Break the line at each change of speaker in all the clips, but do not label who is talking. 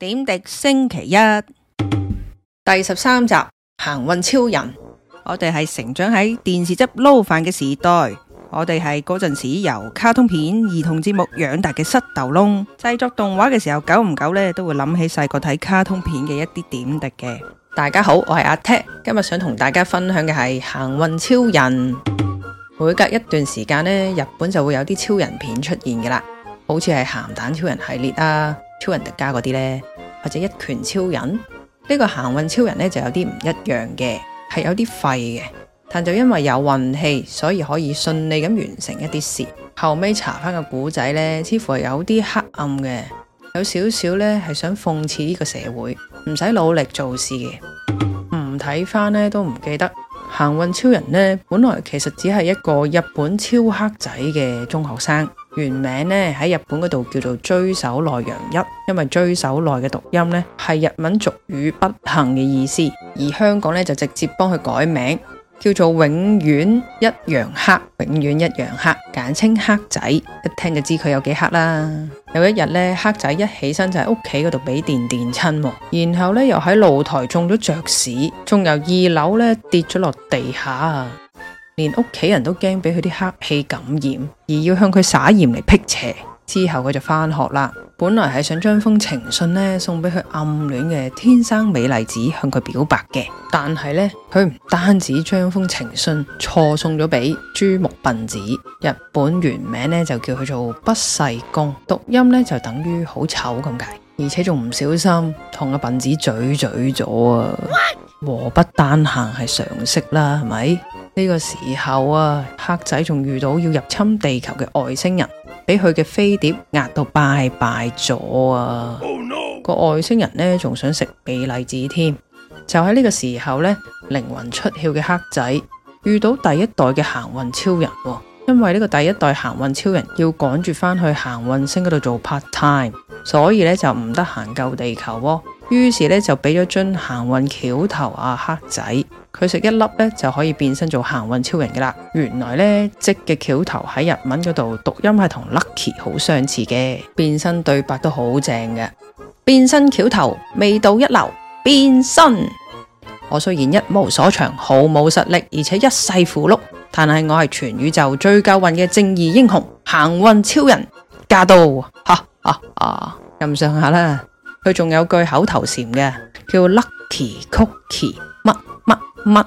點滴星期一第十三集行運超人。我哋係成長喺電視汁撈飯嘅時代，我哋係嗰陣時由卡通片、兒童節目養大嘅膝頭窿。製作動畫嘅時候，久唔久呢都會諗起細個睇卡通片嘅一啲點滴嘅。大家好，我係阿踢，今日想同大家分享嘅係行運超人。每隔一段時間呢，日本就會有啲超人片出現㗎喇，好似係鹹蛋超人系列啊。超人迪加嗰啲咧，或者一拳超人呢，這個行運超人咧就有啲唔一樣嘅，係有啲廢嘅，但就因為有運氣，所以可以順利咁完成一啲事。後尾查翻個古仔咧，似乎係有啲黑暗嘅，有點少少咧，係想諷刺呢個社會，唔使努力做事嘅，唔睇翻咧都唔記得。行運超人呢本來其實只係一個日本超黑仔嘅中學生。原名呢喺日本嗰度叫做追手內陽一，因為追手內嘅讀音呢係日文俗語不幸嘅意思，而香港呢就直接幫佢改名叫做永遠一陽黑，永遠一陽黑，簡稱黑仔，一聽就知佢有幾黑啦。 有一日呢，黑仔一起身就喺屋企嗰度俾電電親，然後呢又喺露台中咗雀屎，仲由二樓呢跌咗落地下。連屋企人都驚俾佢啲黑氣感染，而要向佢撒鹽嚟辟邪。之後佢就翻學啦。本來係想將封情信呢送俾佢暗戀嘅天生美麗子向佢表白嘅，但係呢佢唔單止將封情信錯送咗俾朱木笨子，日本原名呢就叫佢做不細工，讀音呢就等於好醜咁解，而且仲唔小心同個笨子咀咀咗啊！What? 禍不單行係常識啦，係咪？呢個時候啊，黑仔仲遇到要入侵地球嘅外星人，俾佢嘅飛碟壓到拜拜咗啊！個、oh, no. 外星人呢，仲想食貝利子添，就喺呢個時候呢，靈魂出竅嘅黑仔遇到第一代嘅行運超人、哦，因為呢個第一代行運超人要趕住返去行運星嗰度做 part time，所以呢，就唔得閒救地球咯、哦。於是咧就俾咗樽行運橋頭啊黑仔，佢食一粒咧就可以變身做行運超人嘅啦。原來呢，積嘅橋頭喺日文嗰度讀音係同 lucky 好相似嘅，變身對白都好正嘅。變身橋頭味道一流，變身。我雖然一無所長，毫冇實力，而且一世苦碌，但係我係全宇宙最夠運嘅正義英雄行運超人，駕到嚇嚇啊！咁上下啦～佢仲有句口頭禪嘅，叫 Lucky Cookie 乜乜乜，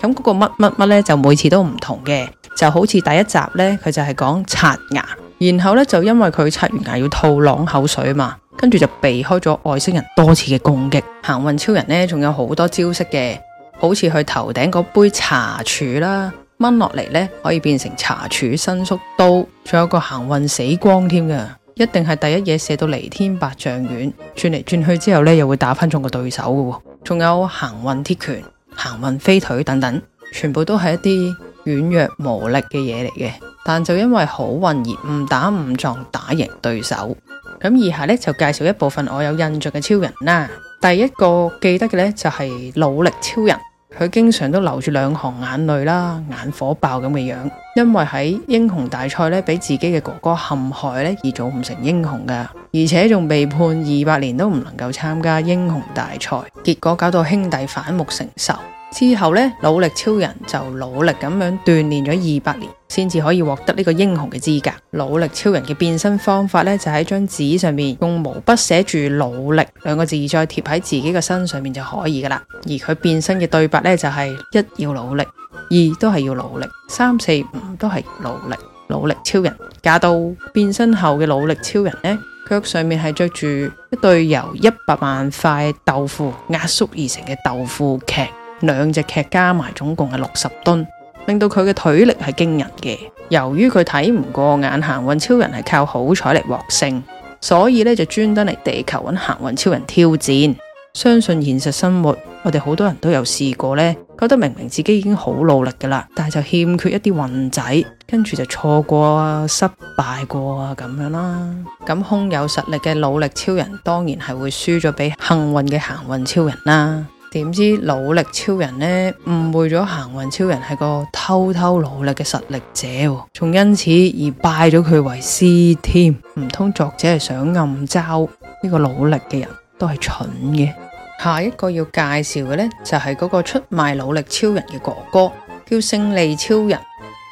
咁嗰個乜乜乜咧就每次都唔同嘅，就好似第一集咧，佢就係講刷牙，然後咧就因為佢刷完牙要吐浪口水嘛，跟住就避開咗外星人多次嘅攻擊。行運超人咧仲有好多招式嘅，好似佢頭頂嗰杯茶柱啦，掹落嚟咧可以變成茶柱伸縮刀，仲有個行運死光添嘅。一定係第一嘢，射到離天百丈遠，轉嚟轉去之後呢，又會打翻中個對手嘅喎。仲有行運鐵拳、行運飛腿等等，全部都係一啲軟弱無力嘅嘢嚟嘅。但就因為好運而誤打誤撞打贏對手。咁以下呢就介紹一部分我有印象嘅超人啦。第一個記得嘅呢，就係、是、努力超人。佢經常都流住兩行眼淚啦，眼火爆咁嘅樣，的樣子，因為喺英雄大賽咧，畀自己嘅哥哥陷害而做唔成英雄噶，而且仲被判二百年都唔能夠參加英雄大賽，結果搞到兄弟反目成仇。之後呢，努力超人就努力咁樣鍛煉咗二百年，先至可以獲得呢個英雄嘅資格。努力超人嘅變身方法呢，就喺張紙上面用毛筆寫住“努力”兩個字，再貼喺自己嘅身上面就可以噶啦。而佢變身嘅對白呢，就係、是、一要努力，二都係要努力，三四五都係努力。努力超人駕到。變身後嘅努力超人呢，腳上面係着住一對由一百萬塊豆腐壓縮而成嘅豆腐劇。兩隻腳加埋總共係六十噸，令到佢嘅腿力係驚人嘅。由於佢睇唔過眼，行運超人係靠好彩嚟獲勝，所以呢就專登嚟地球揾行運超人挑戰。相信現實生活，我哋好多人都有試過呢，覺得明明自己已經好努力㗎喇，但係就欠缺一啲運仔，跟住就錯過啊，失敗過啊咁樣啦。咁空有實力嘅努力超人，當然係會輸咗畀幸運嘅行運超人啦。點知努力超人呢，誤會咗行運超人係個偷偷努力嘅實力者，仲因此而拜咗佢為師添。唔通作者係想暗嘲，呢個努力嘅人都係蠢嘅？下一個要介紹嘅呢，就係嗰個出賣努力超人嘅哥哥，叫勝利超人。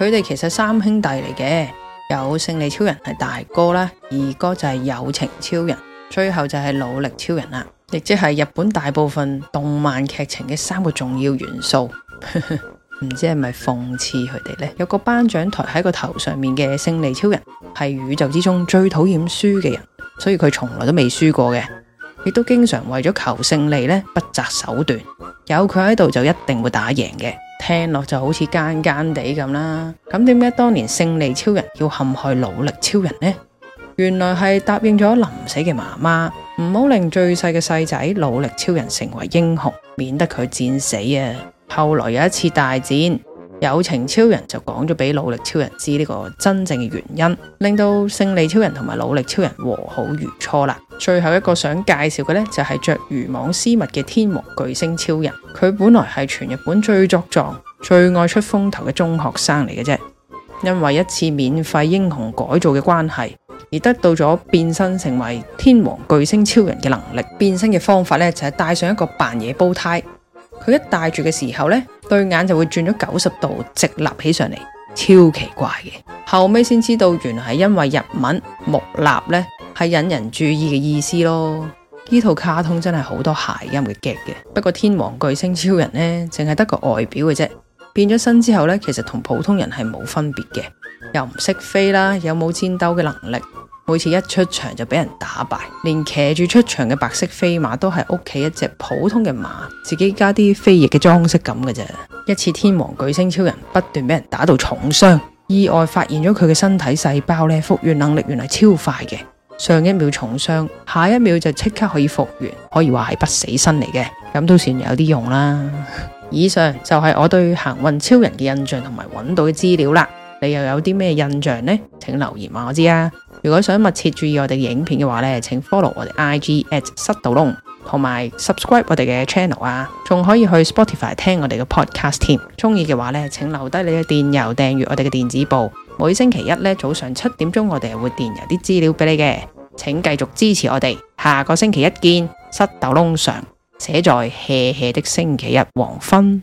佢哋其實三兄弟嚟嘅，有勝利超人係大哥啦，二哥就係友情超人，最後就係努力超人啦。亦即係日本大部分動漫劇情嘅三個重要元素，唔 知係咪諷刺佢哋呢？有個頒獎台喺個頭上面嘅勝利超人，係宇宙之中最討厭輸嘅人，所以佢從來都未輸過嘅，亦都經常為咗求勝利呢，不擇手段。有佢喺度就一定會打贏嘅，聽落就好似奸奸地咁啦。咁點解當年勝利超人要陷害努力超人呢？原來係答應咗臨死嘅媽媽。唔好令最細嘅細仔努力超人成為英雄，免得佢戰死啊！後來有一次大戰，友情超人就講咗俾努力超人知呢個真正嘅原因，令到勝利超人同埋努力超人和好如初啦。最後一個想介紹嘅呢，就係著漁網絲襪嘅天王巨星超人，佢本來係全日本最作狀、最愛出風頭嘅中學生嚟嘅啫，因為一次免費英雄改造嘅關係而得到咗變身成為天王巨星超人嘅能力，變身嘅方法呢，就係戴上一個扮嘢煲呔，佢一戴住嘅時候呢，對眼就會轉咗九十度直立起上嚟，超奇怪嘅。後尾先知道原來係因為日文目立呢，係引人注意嘅意思咯。呢套卡通真係好多諧音嘅 gag 嘅，不過天王巨星超人呢，淨係得個外表嘅啫，變咗身之後呢，其實同普通人係冇分別嘅，又唔識飛啦，又冇戰鬥嘅能力。每次一出場就俾人打敗，連騎住出場嘅白色飛馬都係屋企一隻普通嘅馬，自己加啲飛翼嘅裝飾咁嘅啫。一次天王巨星超人不斷俾人打到重傷，意外發現咗佢嘅身體細胞咧，復原能力原來超快嘅。上一秒重傷，下一秒就即刻可以復原，可以話係不死身嚟嘅，咁都算有啲用啦。 以上就係我對行運超人嘅印象同埋揾到嘅資料啦。你又有啲咩印象呢？請留言話我知啊！如果想密切注意我哋影片嘅話呢，請 follow 我哋 IG at 失斗窿，同埋 subscribe 我哋嘅 channel 啊！仲可以去 Spotify 聽我哋嘅 podcast 添。中意嘅話呢，請留低你嘅電郵訂閱我哋嘅電子報。每星期一呢，早上七點鐘，我哋係會電郵啲資料俾你嘅。請繼續支持我哋，下個星期一見，失斗窿上寫在 hea hea 的星期一黃昏。